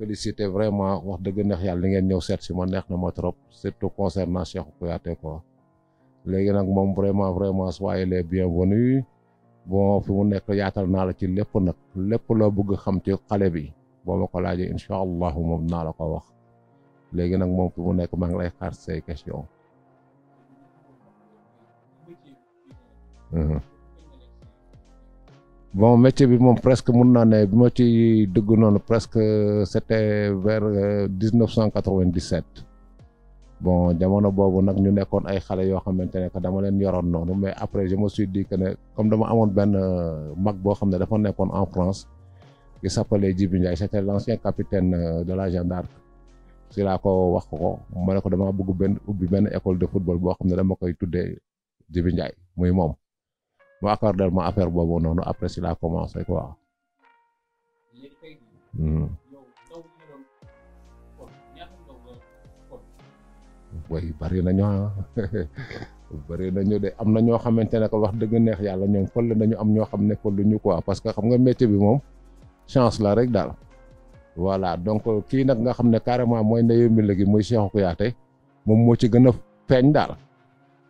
félicité vraiment wax dëgg neex yàlla li ngeen ñëw seet si ma neex na ma trop surtout concernant Cheikhou Kouyaté quoi léegi nag moom vraiment vraiment soyez les bienvenus bon fi mu nekk yaatal naa la ci lépp nag lépp loo bëgg xam ci xale bi boo ma ko laajee incha allahu moom naa la ko wax léegi nag moom fi mu nekk maa ngi lay xaar say bon métier bi moom presque mun naa ne bi ma ci dugg noonu presque c'était vers euh, dix neuf cent quatre vingt dix sept bon jamono boobu nag ñu nekkoon ay xale yoo xamante ne que dama leen yoroon noonu mais après je me suis dit comme dama amoon benn euh, mag boo xam ne dafa nekkoon en France qui s'appelait Djibi Ndiaye c'était l'ancien capitaine euh, de la Jeanne d'Arc si laa ko wax ko ma ne ko dama bëgg benn ubbi benn école de football boo xam ne dama koy tuddee Djibi Ndiaye muy moom. mu accordel ma affaire boobu noonu après si laa commencé quoi. Mhm. way bari nañu ah bari nañu de am na ñoo xamante ne ko wax dëgg neex yàlla ñoom folle nañu am ñoo xam ne folle ñu quoi parce que xam nga métier bi moom chance la rek daal. voilà donc euh, kii nag nga xam ne carrément mooy ndeyu mbir gi muy Cheikhou Kouyaté moom moo ci gën a feeñ daal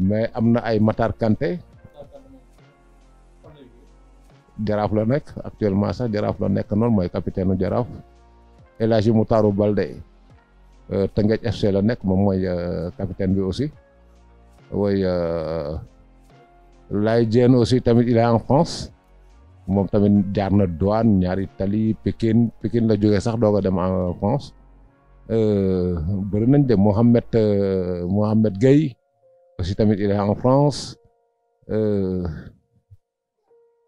mais am na ay Matar Kanté jaraaf la nekk actuellement sax jaraaf la nekk noonu mooy capitaine jaraaf mu taaru balde te euh, Tëngéej FC la nekk moom mooy euh, capitaine bi aussi woy euh, Laye Diène aussi tamit il en France moom tamit jaar na Douane ñaari tali Pikine Pikine la jóge sax doog a dem en France bëri nañ de Mohamed Mohamed Gueye aussi tamit il en France.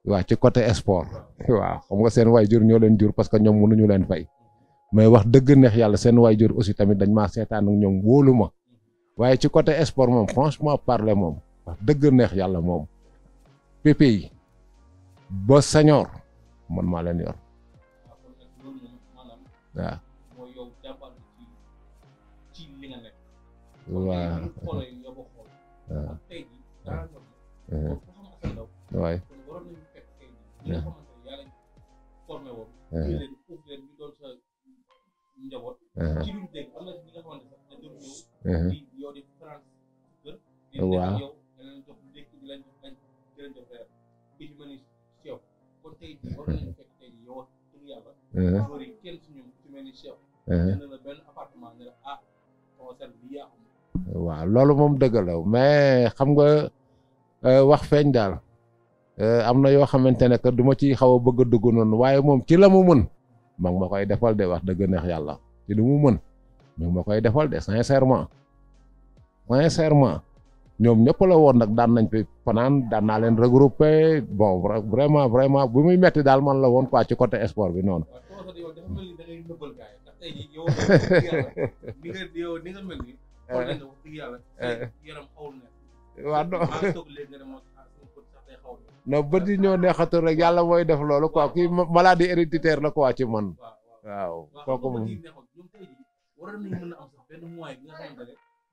waaw ci côté sport waaw xam nga seen waajur ñoo leen jur parce que ñoom ñu leen fay mais wax dëgg neex yàlla seen waajur aussi tamit dañ maa seetaan ak ñoom wóolu ma waaye ci côté sport moom franchement parler moom wax dëgg neex yàlla moom pépé yi ba sañoor man maa leen yor ah, waaw. waay waaw waaw loolu moom dëgg la mais xam Euh, wax feeñ daal euh, am na yoo xamante ne que du ma ci xaw a bëgg a dugg noonu waaye moom ci la mu mën ma ngi ma koy defal de wax dëgg yàlla ci lu mu mën ma ngi ma koy defal de sincèrement sincèrement ñoom ñëpp la woon nag daan nañ fi fanaan daan naa leen regroupé bon vraiment vraiment bu muy metti daal man la woon quoi ci côté sport bi noonu. waaw non ah, non bët yi ñoo neexatul rek yàlla mooy def loolu quoi kii maladie héréditaire la quoi ci man waaw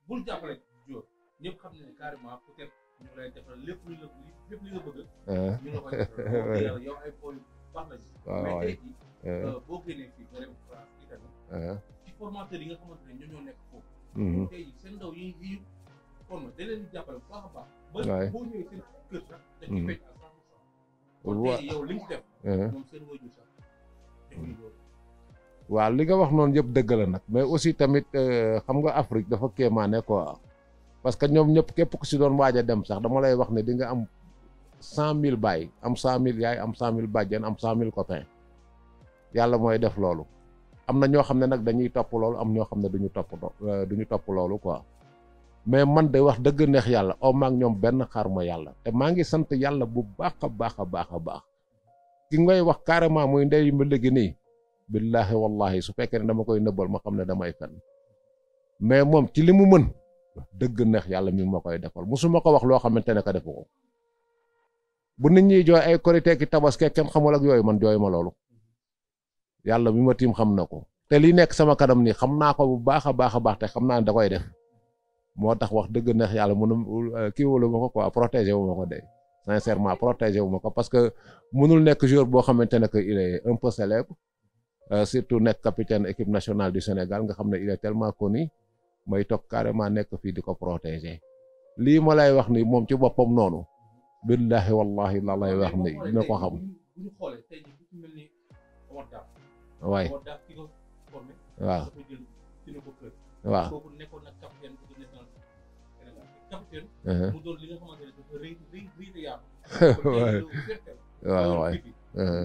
bul jàppale Dior ñëpp xam ne carrément peut-être ñu ko defal ah. yow yi nga xamante ne ñoo nekk foofu. Mm-hmm. forme mhm. eh. li nga wax noonu yëpp dëgg nag mais aussi tamit euh, xam nga Afrique dafa kéemaane quoi parce que ñoom ñëpp képp ku si doon waaj a dem sax dama lay wax ne di nga am cent mille baay am cent mille yaay am cent mille bàjjen am cent mille copain yàlla mooy def loolu am na ñoo xam ne nag dañuy topp loolu am ñoo xam ne duñu topp euh, duñu topp loolu quoi. mais man de wax dëgg neex yàlla o maak ñoom benn xaar ma yàlla te maa ngi sant yàlla bu baax a baax a baax a baax ki ngay wax carrément muy ndey mi léegi nii billaahi wallahi su fekkee ne dama koy nëbbal ma xam ne damay fen mais moom ci li mu mën dëgg neex yàlla mi ma koy defal suma ko wax loo xamante ne ko defu ko bu nit ñi jooy ay korite ki tabaske kenn xamul ak yooyu man jooy ma loolu yàlla mi ma tiim xam na ko te lii nekk sama kanam nii xam naa ko bu baax a baax a baax te xam naa ne da koy def moo tax wax dëgg neex yàlla mënu euh, kii wala ma ko quoi protégé wu ma ko de sincèrement protégé wu ma ko parce que mënul nekk joueur boo xamante ne que il est un euh, surtout nekk capitaine équipe nationale du Sénégal nga xam ne il est tellement connu may toog carrément nekk fii di ko protégé lii ma lay wax ni moom ci boppam noonu billahi wallahi la lay wax ni dina ko xam waay waaw waaw mu doon li nga xamante ne dafa rëy rëy rëy na yàqu. waay waaw waay.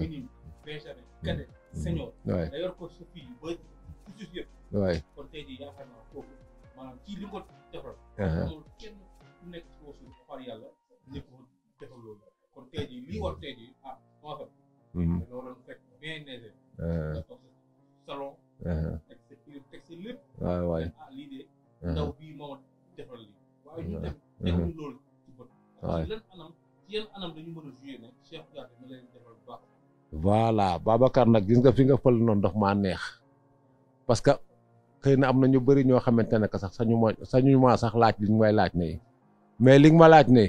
minime benjamin cadet senior. waay da yor ko sa fii ba suuf yëpp. waay kon tey jii yaakaar naa kooku maanaam ci li ko defal. amul kenn ku nekk foofu suuf xar yàlla ni ko defal loolu kon tey jii li war tey jii ah moo xam. da nga waroon fekk bien neigé. voilà Babacar nag gis nga fi nga fël noonu daf maa neex parce que xëy na am na ñu bëri ñoo xamante ne que sax sañu ma sañu sax laaj li ñu may laaj na mais li nga ma laaj ne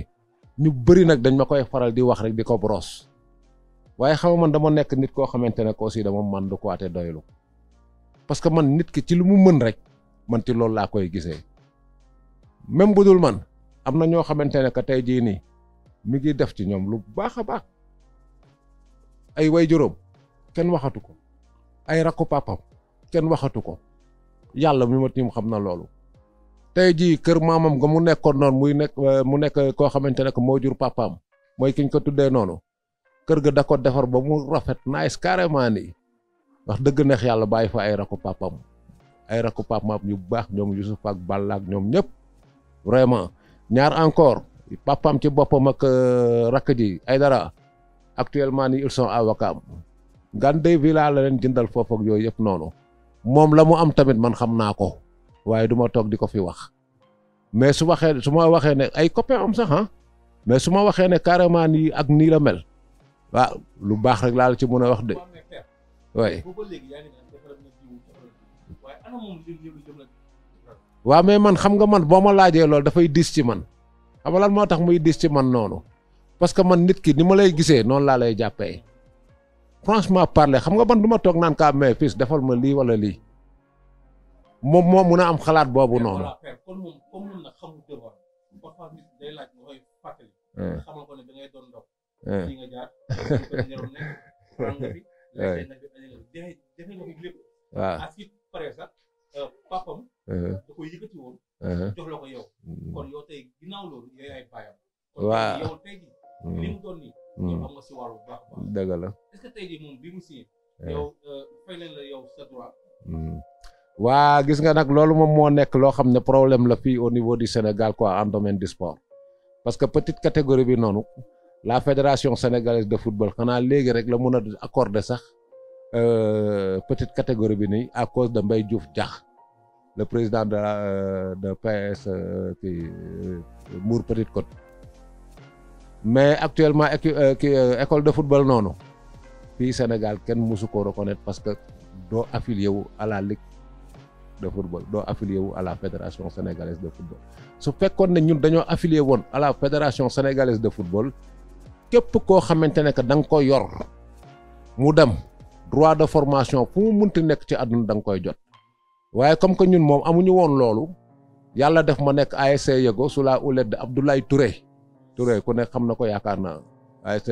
ñu bëri nag dañ ma koy faral di wax rek di ko brosse waaye xam man dama nekk nit koo xamante ne ko aussi dama man lu ko ate doylu parce que man nit ki ci lu mu mën rek man ci loolu laa koy gisee même bu dul man am na ñoo xamante ne que tey jii nii mu ngi def ci ñoom lu baax a baax. ay way juróom kenn waxatu ko ay rakku papam kenn waxatu ko yàlla mi ma tiim xam na loolu tey jii kër maamam nga mu nekkoon noonu muy nekk euh, mu nekk koo xamante ne moo jur papaam mooy ki ñu ko tuddee noonu kër ga da ko defar ba mu rafet nice carrément nii wax dëgg neex yàlla bàyyi fa ay rakku papam ay rakku papam yu baax ñoom Youssouf ak Balla ak ñoom ñëpp vraiment ñaar encore papam ci boppam ak euh, rakk ji ay dara actuellement ni ils sont à Wakam Gandey villa la leen jëndal foofu yooyu yëpp noonu moom la mu am tamit man xam naa ko waaye du ma toog di ko fi wax mais su waxee su ma waxee ne ay copain am sax ah mais su ma waxee ne carrément nii ak nii la mel waaw ah, lu baax rek laa la ci mën a wax de waaye waaw mais man xam nga man boo ma laajee loolu dafay diis ci man xam lan moo tax muy dis ci man noonu parce que man nit ki ni ma lay gisee noonu laa lay jàppee franchement parler xam nga man du ma toog naan kaa mais fils defal ma lii wala lii moom moo mun a am xalaat boobu noonu. waaw li mu waa gis nga nag loolu moom moo nekk loo xam ne problème la fii au niveau du Sénégal quoi en domaine du sport parce que petite catégorie bi noonu la fédération sénégalaise de football xanaa léegi rek la mun a accorder sax euh, petite catégorie bi nii à cause de Mbaye Diouf Diakh le président de euh, de PS euh, kii Mbour Petite Côte. mais actuellement euh, euh, école de football noonu fii Sénégal kenn mësu ko reconnaître parce que doo affilié wu à la ligue de football doo affilié wu à la fédération sénégalaise de football su fekkoon ne ñun dañoo affilié woon à la fédération sénégalaise de football képp koo xamante ne que da nga ko yor mu dem droit de formation fu mu munti nekk ci àdduna da nga koy jot waaye comme que ñun moom amuñu woon loolu yàlla def ma nekk ASC Yego sous la houlette de Abdoulaye Touré Touré ku ne xam na ko yaakaar na ASC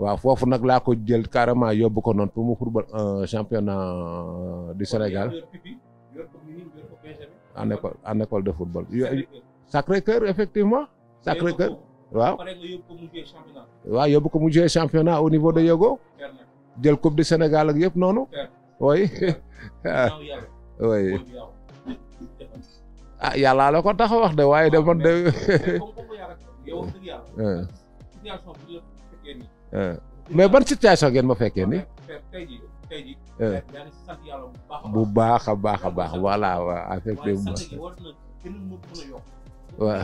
waaw foofu nag laa ko jël carrément yóbbu ko noonu pour mu football euh, championnat euh, du de football. Sacré-Cœur effectivement. Sacré-Cœur waaw. yóbbu ko mu jouer championnat au niveau de Yogo. jël coupe du Sénégal ak yëpp noonu. oui. oui. ah yàllaa ko tax wax de waaye de Eh. Eh. mais ban situation geen ma fekkee ni eh, bu baax a baax a baax voilà waaw effectivement waaw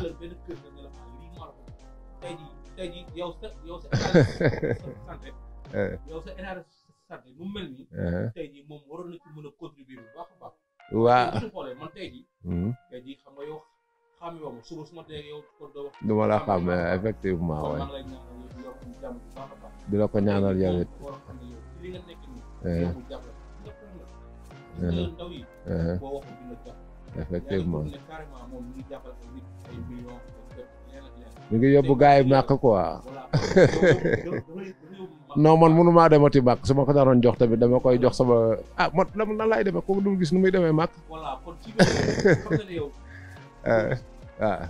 waaw. suba su ma dégg la xam effectivement waay di la ko ñaanal yow it. effectivement ñu ngi yóbbu gaa yi màkk quoi non man mënu maa demati su ma ko daroon jox tamit dama koy jox sama ah man nan laay demee ko dul gis nu muy demee màkk. waaw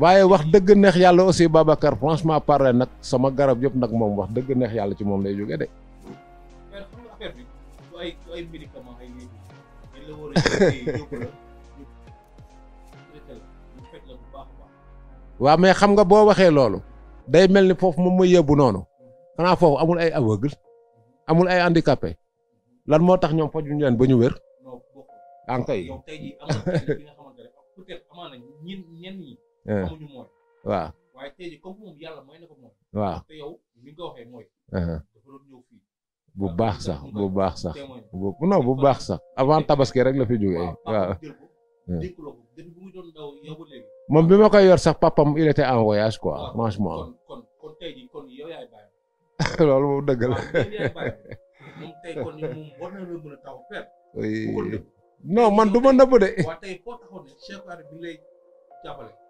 waaye wax dëgg neex yàlla aussi Babacar franchement parler nag sama garab yëpp nag moom wax dëgg neex yàlla ci moom lay jógee de. waaw mais xam nga boo waxee loolu day mel ni foofu moom mooy yebu noonu xanaa foofu amul ay aveugle amul ay handicapé lan moo tax ñoom fajuñu leen ba ñu wér. ah kay yow tey jii bu baax sax bu baax sax bu non bu baax sax avant tabaski rek la fi jógee waaw. moom bi ma koy yor sax papam il était en voyage quoi franchement. kon loolu moom dëgg a non man du ma nëbb de. waaw tey waaw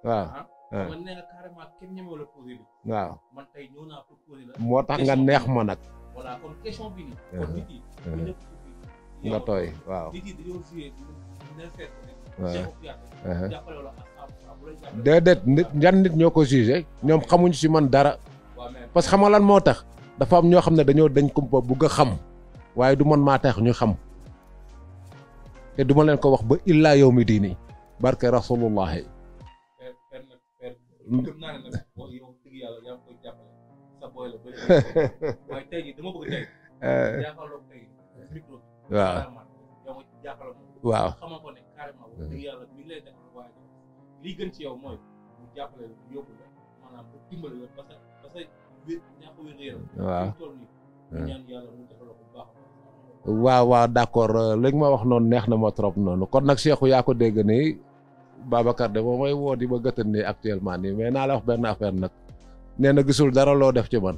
ah, waaw man nee nga carrément waaw moo tax nga neex ma nag. voilà kon question bi nii. nit nga tooy waaw. nit yi nit ñan nit ñoo ko jugé ñoom xamuñu si man dara. parce que xam lan moo tax. dafa am ñoo xam ne dañoo dañ kumpa bugg a xam. waaye du man maa tax ñu xam. te duma leen ko wax ba illaa yow diini barke rasulullahi waaw waaw parce que parce que ñàkk waaw hmm. Hmm. waaw waaw d'accord euh, léegi ma wax noonu neex na ma trop noonu kon nag Cheikhou yaa ko dégg nii Babacar de moom mooy woo di ma gëtën nii actuellement nii mais naa la wax benn affaire nag nee na gisul dara loo def ci man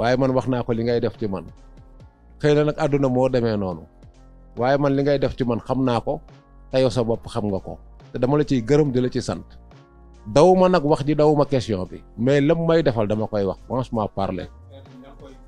waaye man wax naa ko li ngay def ci man xëy na nag àdduna moo demee noonu waaye man li ngay def ci man xam naa ko te yow sa bopp xam nga ko te dama la ciy gërëm di la ci sant dawuma nag wax ji dawuma question bi mais lam may defal dama koy wax franchement parler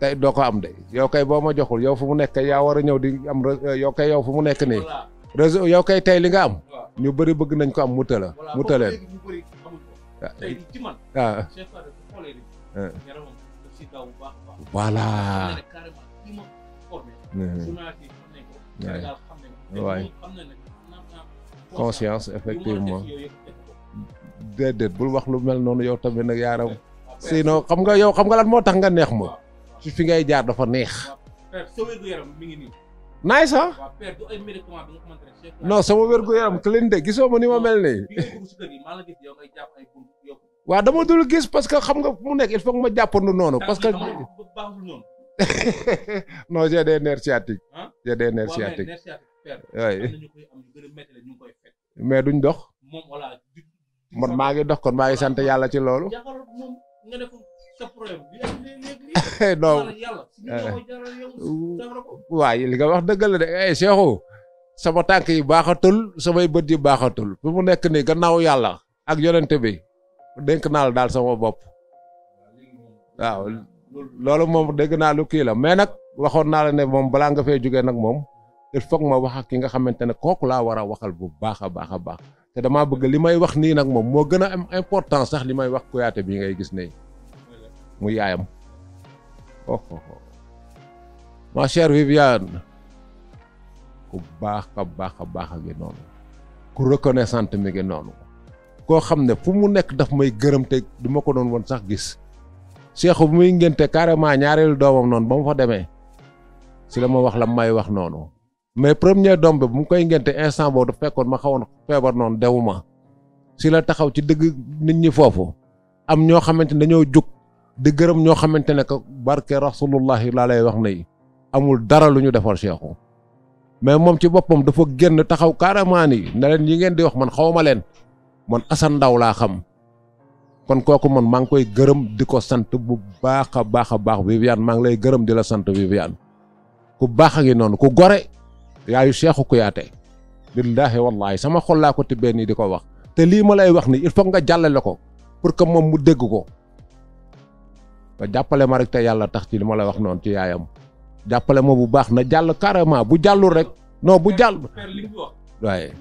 tey doo ko am de yow kay boo ma joxul yow fu mu nekk yaa war a ñëw di am euh, yow yow fu mu nekk nii réseau yow kay tey li nga am ñu bëri bëgg nañ ko am mu tëla mu tëleen ah, ah. ah. voilà waay mmh. conscience effectivement déedéet bul wax lu mel noonu yow tamit nag yaaram sinon xam nga yow xam nga lan moo tax nga neex ma ci fi ngay jaar dafa neex. naay ah? sax. non sama wér yaram clean gisoo ma ni ma mel nii. waaw dama dul gis parce que xam nga fu mu nekk il faut que ma jàppandu noonu parce que. non j'ai des nerfs sciatiques. j'ai des mais duñ dox. man maa ngi dox kon maa ngi sant yàlla ci loolu. Eh, non eh. waaye li nga wax dëgg la de ay eh, Cheikhou sama tànk yi baaxatul samay bët yi baaxatul fi mu nekk nii gannaaw yàlla ak yonent bi dénk naa la daal sama bopp waaw loolu moom dégg naa lu kii la mais nag waxoon naa la ne moom balaa nga fee jóge nag moom il foog ma wax ak ki nga xamante ne kooku laa war a waxal bu baax a baax a baax te damaa bëgg li may wax nii nag moom moo gën a am importance sax li may wax Kouyaté bi ngay gis ne mu yaayam oh, oh, oh ma chère Viviane ku baax a baax a baax a ngi noonu ku reconnaissante mi ngi noonu koo xam ne fu mu nekk daf may gërëm te du ma ko doon woon sax gis Cheikh bu muy ngénte carrément ñaareelu doomam noonu ba mu fa demee si la ma wax la may wax noonu mais premier doom bi bu mu koy ngénte instant boo dafa fekkoon ma xawoon feebar noonu dewuma si la taxaw ci dëgg nit ñi foofu am ñoo xamante ne dañoo jóg di gërëm ñoo xamante ne que barke rasulullahi laa lay wax ne amul dara lu ñu defal Cheikhou mais moom ci boppam dafa génn taxaw carrément ni ne leen yi ngeen di wax man xawma leen man Assane Ndaw laa xam kon kooku man maa ngi koy gërëm di ko sant bu baax a baax a baax Viviane maa ngi lay gërëm di la sant Viviane ku baax a ngi noonu ku gore yaayu Cheikhou Kouyaté billaahi wallaahi sama xol laa ko tibbee nii di ko wax te lii ma lay wax ni il faut nga jàllale ko pour que moom mu dégg ko jàppale ma rek te yàlla tax ci li ma la wax noonu ci yaayam jàppale ma bu baax na jàll carrément bu jàllul rek non bu jàll. waaye.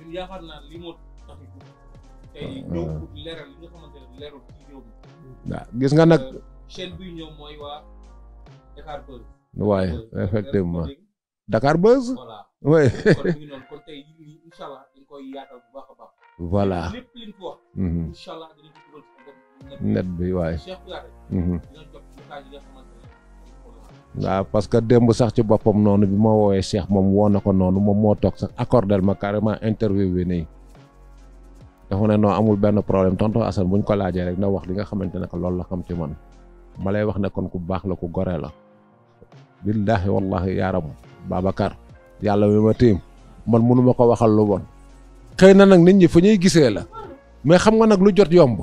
gis nga nag. Euh, waaye effectivement. Dakar Buzz. oui. Mhm. net bi waaye. waaw parce que démb sax ci boppam noonu bi ma woowee Cheikh moom woo na ko noonu moom moo toog sax accordel ma carrément interview bi nii dafa ne noo amul benn problème tonton Assane bu ñu ko laajee rek na wax li nga xamante ne loolu la xam ci man ma lay wax ne kon ku baax la ku gore la billaahi wallaahi yaaram Babacar yàlla mi ma tiim man mënuma ko waxal lu bon xëy na nag nit ñi fu ñuy gisee la mais xam nga nag lu jot yomb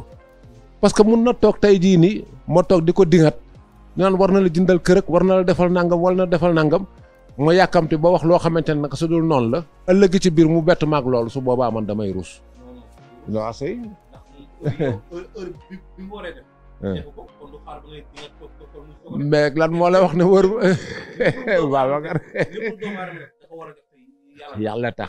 parce que na toog tey jii nii ma toog ñu naan war na la jëndal kër war na la defal nangam wala na defal nangam ma yàkkamti ba wax loo xamante ne naka su dul noonu la ëllëg ci biir mu bett maag loolu su boobaa man damay ruus. waaw ah, lan moo lay wax ne wër Babacar hmm. yàlla tax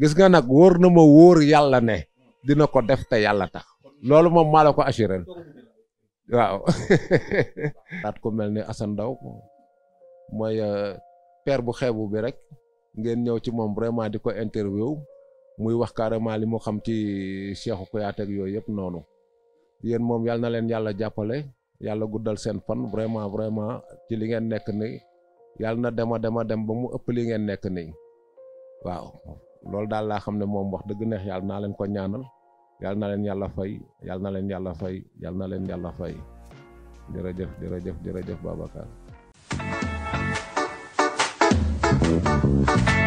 gis nga nag wóor na ma wóor yàlla ne dina ko def te yàlla tax loolu moom maa la ko assuré waaw. daat ko mel ni Assane Ndaw mooy euh, père bu xeebu bi rek ngeen ñëw ci moom vraiment di ko interview muy wax carrément li mu xam ci ko yaa teg yooyu yëpp noonu yéen moom yal na leen yàlla jàppale yàlla guddal seen pan vraiment vraiment ci li ngeen nekk nii yàlla na dema dema dem ba mu ëpp li ngeen nekk nii waaw loolu daal laa xam ne moom wax dëgg neex yàlla naa leen ko ñaanal. yal na leen yàlla fay yal na leen yàlla fay yal na leen yàlla fay jërëjëf jërëjëf jërëjëf Babacar